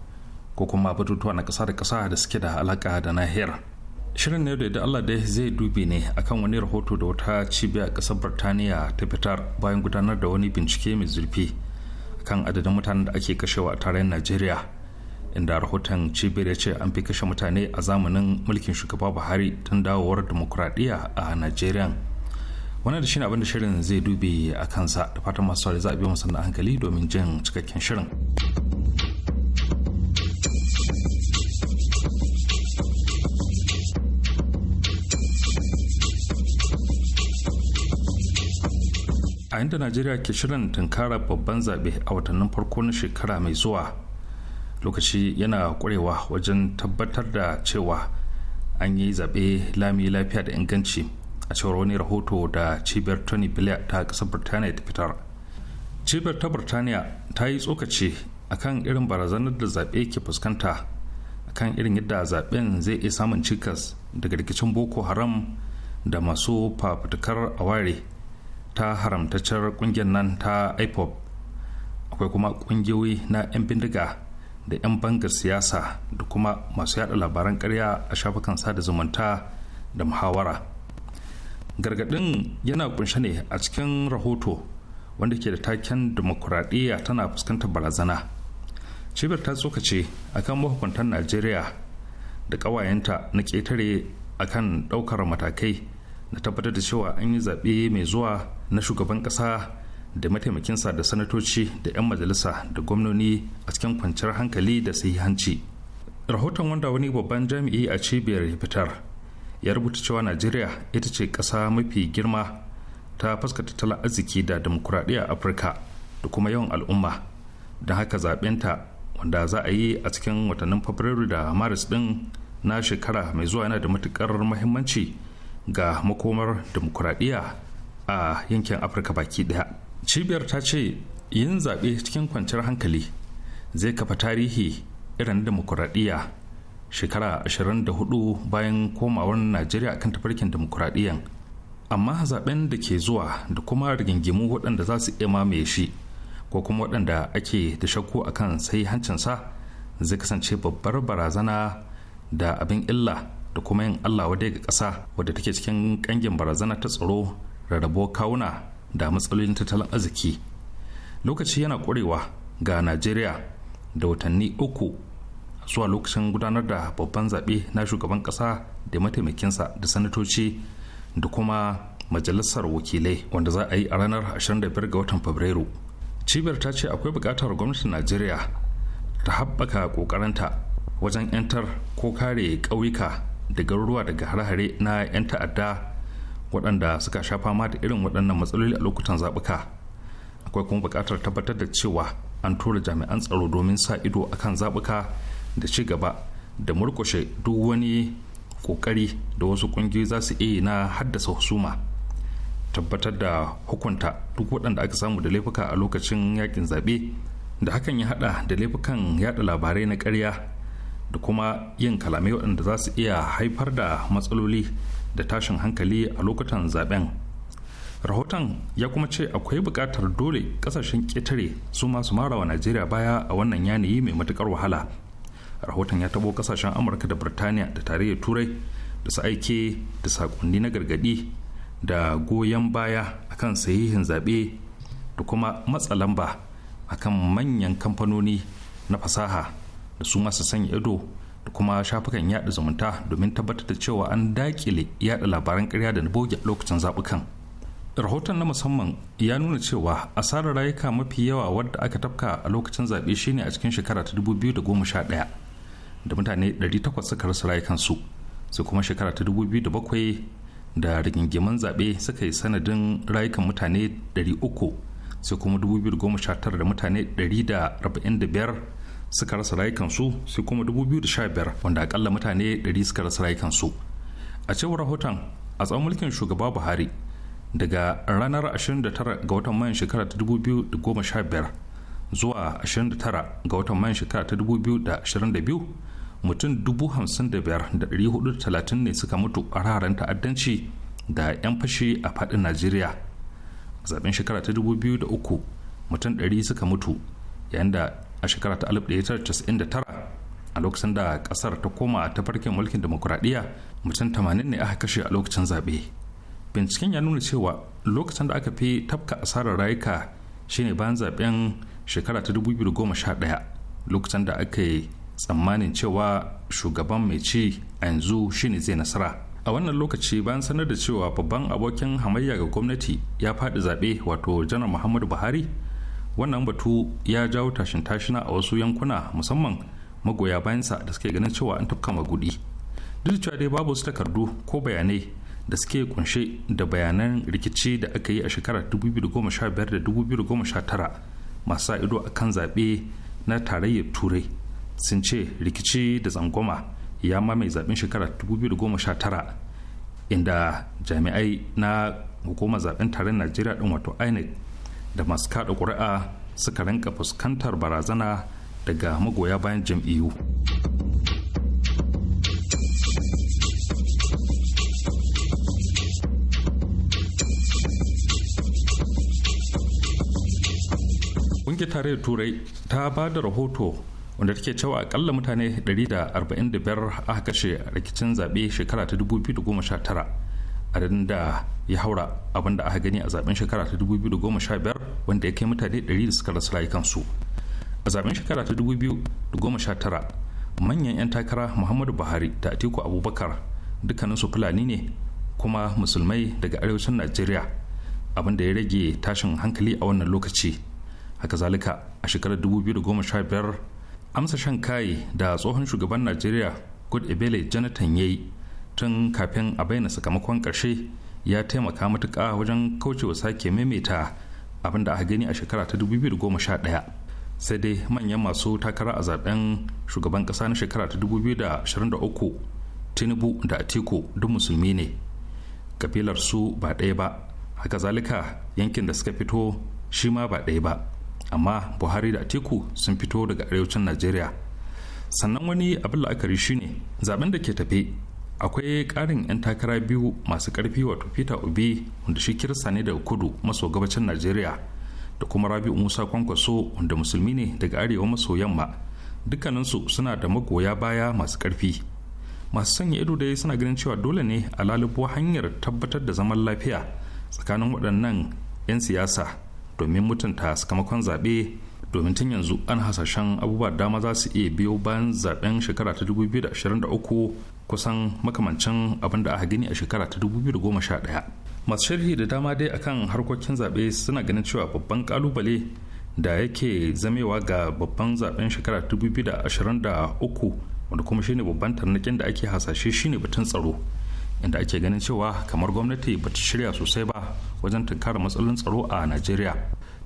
ko kuma batutuwa na kasa da kasa da suke da alaka da nahiyar shirin ne da Allah da zai dubi ne akan wani rahoto da wata cibiya kasar Birtaniya ta fitar bayan gudanar da wani bincike mai zurfi kan adadin mutanen da ake kashewa a tarayyar Najeriya inda rahoton cibiyar ya ce an fi kashe mutane a zamanin mulkin shugaba Buhari tun dawowar demokuraɗiyya a Najeriya. wannan da shine abin da shirin zai dubi a kansa da fatan masu sauri za a biyo musamman hankali domin jin cikakken shirin. a inda najeriya ke shirin tunkara babban zaɓe a watannin farko na shekara mai zuwa lokaci yana ƙwarewa wajen tabbatar da cewa an yi zaɓe lami lafiya da inganci a cewar wani rahoto da cibiyar tony blair ta ƙasar birtaniya ta fitar cibiyar ta birtaniya ta yi tsokaci kan irin barazanar da zaɓe ke fuskanta a kan irin yadda zaɓen zai iya samun cikas daga rikicin boko haram da masu fafutukar aware ta haramtaccen kungiyar nan ta ipop akwai kuma kungiyoyi na 'yan bindiga da 'yan bangar siyasa da kuma masu yada labaran karya a shafukan sada zumunta da muhawara gargadin yana kunshe ne a cikin rahoto wanda ke da taken demokuraɗiyya tana fuskantar barazana cibiyar ta tsokace akan mahukuntan najeriya da ƙawayenta na ƙetare kan ɗaukar matakai na tabbatar da cewa an yi zaɓe mai zuwa na shugaban ƙasa da mataimakinsa da sanatoci da 'yan majalisa da gwamnoni a cikin kwanciyar hankali da sahihanci rahoton wanda wani babban jami'i a cibiyar fitar ya rubuta cewa najeriya ita ce ƙasa mafi girma ta fuska tattalin arziki da demokuraɗiyya afirka da kuma yawan al'umma don haka ta wanda za a yi a cikin watannin fabrairu da maris ɗin na shekara mai zuwa yana da matuƙar muhimmanci ga makomar demokuraɗiyya a yankin afirka baki daya cibiyar ta ce yin zaɓe cikin kwanciyar hankali zai kafa tarihi irin demokuraɗiyya shekara 24 bayan komawar najeriya kan tafarkin demokuraɗiyyan amma zaɓen da ke zuwa da kuma rigingimu waɗanda za su iya shi ko kuma waɗanda ake da shakku a kan sai hancinsa zai kasance babbar barazana da abin illa da kuma yin allah wadai ga ƙasa wadda take cikin ƙangin barazana ta tsaro rarrabuwar kawuna da matsalolin tattalin arziki lokaci yana ƙurewa ga najeriya da watanni uku zuwa lokacin gudanar da babban zaɓe na shugaban ƙasa da mataimakinsa da sanatoci da kuma majalisar wakilai wanda za a yi a ranar 25 ga watan fabrairu cibiyar ta ce akwai buƙatar gwamnatin najeriya ta haɓaka ƙoƙarinta wajen 'yantar ko kare ƙauyuka da garuruwa daga hare-hare na 'yan ta'adda waɗanda suka sha fama da irin waɗannan matsaloli a lokutan zaɓuka akwai kuma buƙatar tabbatar da cewa an tura jami'an tsaro domin sa ido a kan zaɓuka da ci gaba da murkushe duk wani ƙoƙari da wasu ƙungiyoyi za su iya na haddasa husuma tabbatar da hukunta duk waɗanda aka samu da laifuka a lokacin yakin zaɓe da hakan ya haɗa da laifukan yaɗa labarai na ƙarya da kuma yin kalamai waɗanda za su iya haifar da matsaloli da tashin hankali a lokutan zaben rahoton ya kuma ce akwai buƙatar dole ƙasashen ƙetare su masu marawa najeriya baya a wannan yanayi mai matuƙar wahala rahoton ya tabo ƙasashen amurka da birtaniya da tarayyar turai da su aike da saƙonni na gargaɗi da goyon baya akan sahihin zaɓe da kuma matsa lamba akan manyan kamfanoni na fasaha da su masu sanya ido kuma shafukan yada zumunta domin tabbatar da cewa an dakile yada labaran karya da na boge a lokacin zabukan rahoton na musamman ya nuna cewa asarar rayuka mafi yawa wadda aka tafka a lokacin zaɓe shine a cikin shekara ta 2011 da mutane 800 suka rasa rayukansu su kuma shekara ta 2007 da rigingimin zaɓe suka yi sanadin rayukan mutane 300 sai kuma 2019 da mutane 145 suka rasa rayukansu sai kuma 2015 wanda akalla mutane 100 suka rasa rayukansu a cewar rahoton a tsawon mulkin shugaba buhari daga ranar 29 ga watan mayan shekara ta 2015 zuwa 29 ga watan mayan shekara ta 2022 mutum 55,430 ne suka mutu a raharen ta'addanci da 'yan fashi a faɗin najeriya zaben shekara ta 2003 mutum 100 suka mutu yayin da a shekara ta 1999 a lokacin da kasar ta koma ta farkin mulkin demokuraɗiyya mutum 80 ne aka kashe a lokacin zaɓe binciken ya nuna cewa lokacin da aka fi tafka asarar rayuka shine bayan zaɓen shekara ta 2011 lokacin da aka yi tsammanin cewa shugaban mai ci a yanzu shine zai nasara a wannan lokaci bayan sanar da cewa babban abokin hamayya ga gwamnati ya faɗi zaɓe wato janar muhammadu buhari wannan batu ya jawo tashin tashina a wasu yankuna musamman magoya bayansa da suke ganin cewa an tafka magudi duk cewa dai babu wasu takardu ko bayanai da suke kunshe da bayanan rikici da aka yi a shekarar 2015 da 2019 masu ido a kan zaɓe na tarayyar turai sun ce rikici da tsangwama ya mamaye zaɓen shekarar 2019 inda jami'ai na hukumar zaɓen tarayyar najeriya ɗin wato inec da masu kada ƙuri'a suka rinka fuskantar barazana daga magoya bayan jam'iyyu ƙungiyar tarayyar turai ta ba da rahoto wanda take cewa akalla mutane 145 aka kashe a rikicin zaɓe shekara ta 2019 adadin da ya haura abin da aka gani a zaben shekara ta 2015 wanda ya kai mutane 100 da suka rasa rayukansu a zaben shekara ta 2019 manyan 'yan takara muhammadu buhari da atiku abubakar dukkaninsu fulani ne kuma musulmai daga arewacin najeriya abin da ya rage tashin hankali a wannan lokaci haka zalika a shekarar 2015 amsa shan kaye da tsohon shugaban najeriya good ebele jonathan yayi tun kafin a bayyana sakamakon ƙarshe ya taimaka matuƙa wajen kaucewa sake maimaita abin da aka gani a shekara ta 2011 sai dai manyan masu takara a zaben shugaban ƙasa na shekara ta 2023 tinubu da atiku duk musulmi ne kabilar su ba ɗaya ba haka zalika yankin da suka fito shi ma ba ɗaya ba amma buhari da atiku sun fito daga arewacin najeriya sannan wani abin la'akari shine zaben da ke tafe akwai ƙarin 'yan takara biyu masu ƙarfi wato peter obi wanda shi kirista ne daga kudu maso gabacin najeriya da kuma rabi'u musa kwankwaso wanda musulmi ne daga arewa maso yamma dukkaninsu suna da magoya baya masu ƙarfi masu sanya ido dai suna ganin cewa dole ne a lalubo hanyar tabbatar da zaman lafiya tsakanin waɗannan 'yan siyasa domin mutunta sakamakon zaɓe domin tun yanzu an hasashen abubuwa dama za su iya biyo bayan zaben shekara ta 2023 kusan makamancin abin da aka gani a shekara ta 2011 masu sharhi da dama dai akan harkokin zaɓe suna ganin cewa babban kalubale da yake zamewa ga babban zaben shekara 2023 wanda kuma shine babban tarnakin da ake hasashe shine batun tsaro inda ake ganin cewa kamar gwamnati ba ta shirya sosai ba wajen tunkara matsalolin tsaro a najeriya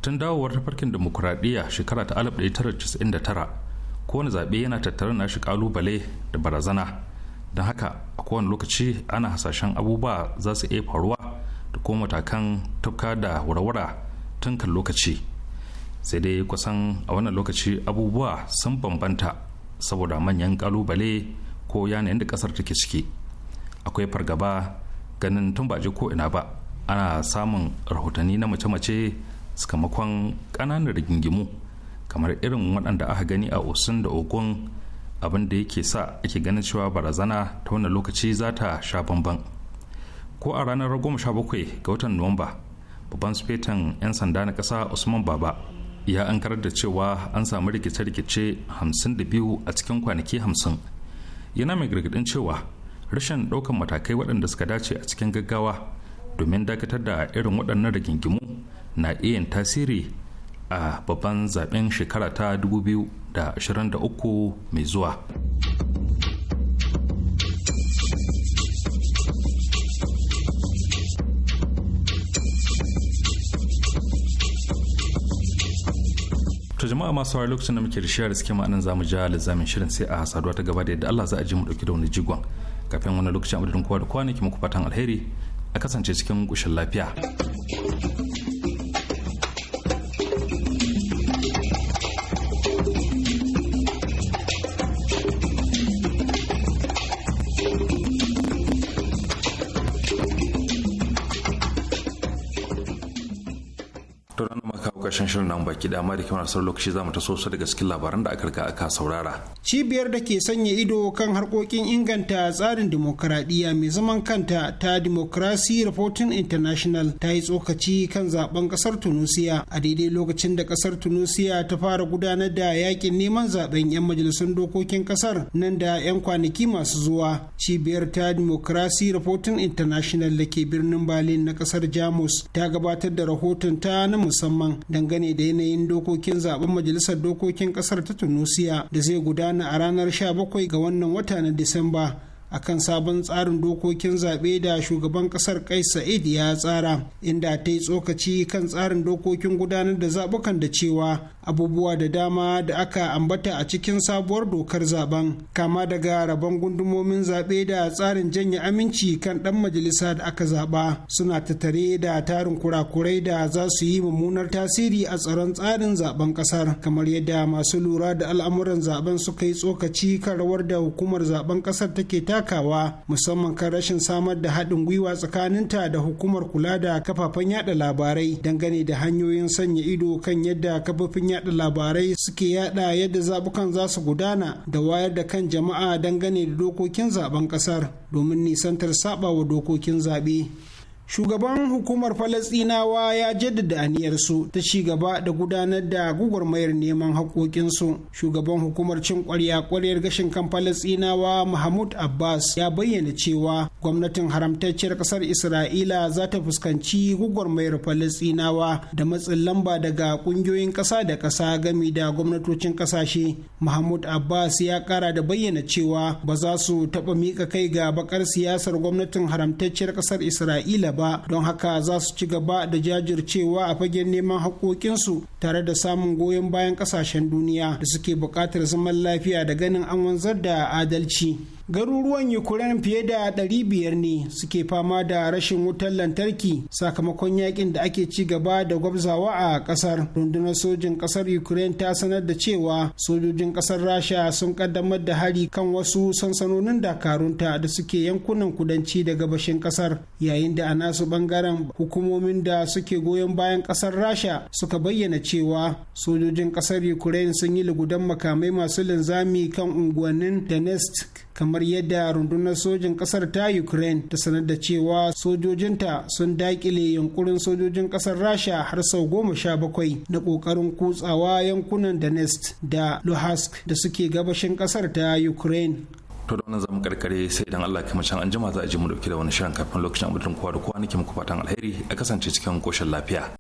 tun dawowar tafarkin demokuraɗiyya shekara ta 1999 kowane zaɓe yana tattare na shi kalubale da barazana don haka a kowane lokaci ana hasashen abubuwa za su iya faruwa da kuma matakan tafka da warwara tun kan lokaci sai dai kusan a wannan lokaci abubuwa sun bambanta saboda manyan kalubale ko yanayin da kasar take ciki akwai fargaba ganin tun ba ko ina ba ana samun rahotanni na mace-mace sakamakon ƙananan rigingimu kamar irin waɗanda aka gani a osun da ogun abin da yake sa ake ganin cewa barazana ta wannan lokaci za ta sha bamban ko a ranar 17 ga watan nuwamba babban sufetan 'yan sanda na ƙasa usman baba ya an karar da cewa an samu rikice-rikice 52 a cikin kwanaki 50 yana mai gargadin cewa rashin ɗaukan matakai waɗanda suka dace a cikin gaggawa domin dakatar da irin waɗannan rigingimu na iya tasiri a babban zaben shekara ta 2023 mai zuwa to jama'a masu sauraro lokacin da muke da suke ma'anin zamu ja lizamin shirin sai a saduwa ta gaba da yadda Allah za a ji mu dauki da wani jigon kafin wani lokacin abudin kowa da kowa ne ke muku fatan alheri a kasance cikin kushin lafiya. kashin shirin nan baki da amma da kamar sauran lokaci zamu taso su daga cikin labaran da aka riga aka saurara. Cibiyar da ke sanya ido kan harkokin inganta tsarin dimokuraɗiyya mai zaman kanta ta Democracy Reporting International ta yi tsokaci kan zaben kasar Tunusiya a daidai lokacin da kasar Tunusiya ta fara gudanar da yakin neman zaben 'yan majalisun dokokin ƙasar nan da 'yan kwanaki masu zuwa. Cibiyar ta Democracy Reporting International da ke birnin Berlin na kasar Jamus ta gabatar da rahoton ta na musamman da dangane da yanayin dokokin zaben majalisar dokokin kasar ta tunusiya da zai gudana a ranar 17 ga wannan wata na disamba akan sabon tsarin dokokin zaɓe da shugaban ƙasar kai Sa'id ya tsara inda ta yi tsokaci kan tsarin dokokin gudanar da zaɓukan da cewa abubuwa da dama da aka ambata a cikin sabuwar dokar zaben kama daga rabon gundumomin zaɓe da tsarin janye aminci kan ɗan majalisa da aka zaɓa suna tattare da tarin kurakurai da za su yi mummunar tasiri a tsaron tsarin zaben ƙasar kamar yadda masu lura da al'amuran zaben suka yi tsokaci kan rawar da hukumar zaben ƙasar take ta takawa musamman kan rashin samar da haɗin gwiwa tsakaninta da hukumar kula da kafafen yada labarai dangane da hanyoyin sanya ido kan yadda kafafen yada labarai suke yada yadda zabukan za su gudana da wayar da kan jama'a dangane da dokokin zaben kasar domin nisantar saba wa dokokin zaɓe. shugaban hukumar falasɗinawa ya jaddada aniyarsu ta ci gaba da gudanar da gugurmayar neman haƙoƙinsu shugaban hukumar cin ƙwarya ƙwaryar gashin kan Falasinawa mahmud abbas ya bayyana cewa gwamnatin haramtacciyar kasar isra'ila za ta fuskanci mayar falastinawa da matsin lamba daga kungiyoyin kasa da kasa gami da gwamnatocin kasashe mahmud abbas ya kara da bayyana cewa ba za su taba mika kai ga bakar siyasar gwamnatin haramtacciyar kasar isra'ila ba don haka za su ci gaba da jajircewa a fagen neman haƙoƙinsu tare da samun goyon bayan ƙasashen duniya da suke buƙatar zaman lafiya da ganin an wanzar da adalci garuruwan ukraine fiye da 500 ne suke fama da rashin wutar lantarki sakamakon yakin da ake ci gaba da gwabzawa a kasar rundunar sojin kasar ukraine ta sanar da cewa sojojin kasar rasha sun kaddamar da hari kan wasu sansanonin dakarunta da suke yankunan kudanci da gabashin kasar yayin da a nasu bangaren hukumomin da suke goyon bayan kasar rasha suka bayyana cewa sojojin kasar ukraine sun yi lugudan makamai masu linzami kan unguwannin donetsk kamar yadda rundunar sojin kasar ta ukraine ta sanar da cewa sojojinta sun dakile yankunan sojojin kasar rasha har sau goma sha bakwai na kokarin kutsawa yankunan donetsk da luhansk da suke gabashin kasar ta ukraine to da wannan zamu karkare sai idan Allah kuma an anjima za a ji mu dauki da wani shirin kafin lokacin abudin kowa da kowa nake muku fatan alheri a kasance cikin koshin lafiya